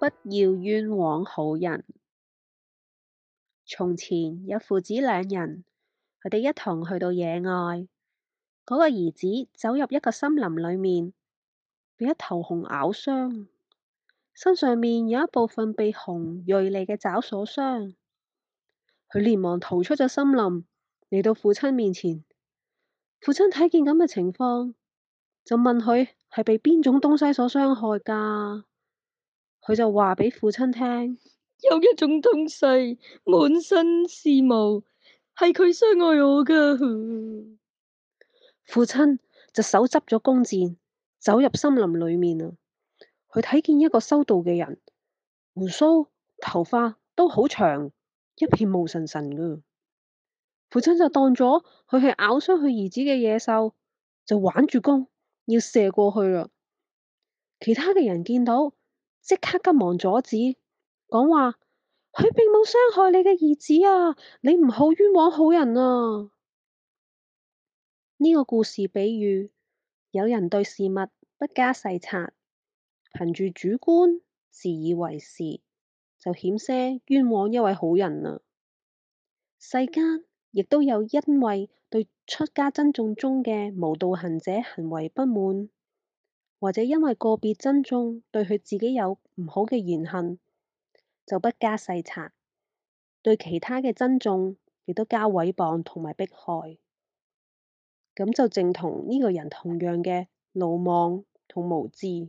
不要冤枉好人。從前有父子兩人，佢哋一同去到野外，嗰個兒子走入一個森林裏面，被一頭熊咬傷，身上面有一部分被熊銳利嘅爪所傷。佢連忙逃出咗森林，嚟到父親面前。父親睇見咁嘅情況，就問佢係被邊種東西所傷害噶？佢就話俾父親聽，有一種東西滿身是毛，係佢傷害我噶。 父親就手執咗弓箭，走入森林裏面啊。佢睇見一個修道嘅人，鬍鬚、頭髮都好長，一片毛神神噶。父親就當咗佢係咬傷佢兒子嘅野獸，就玩住弓要射過去啦。其他嘅人見到。即刻急忙阻止，講話佢並冇傷害你嘅兒子啊！你唔好冤枉好人啊！呢個故事比喻有人對事物不加細察，憑住主觀自以為是，就險些冤枉一位好人啊！世間亦都有因為對出家僧眾中嘅無道行者行為不滿。或者因為個別珍重對佢自己有唔好嘅言行，就不加細察；對其他嘅珍重亦都加毀謗同埋迫害，咁就正同呢個人同樣嘅魯莽同無知。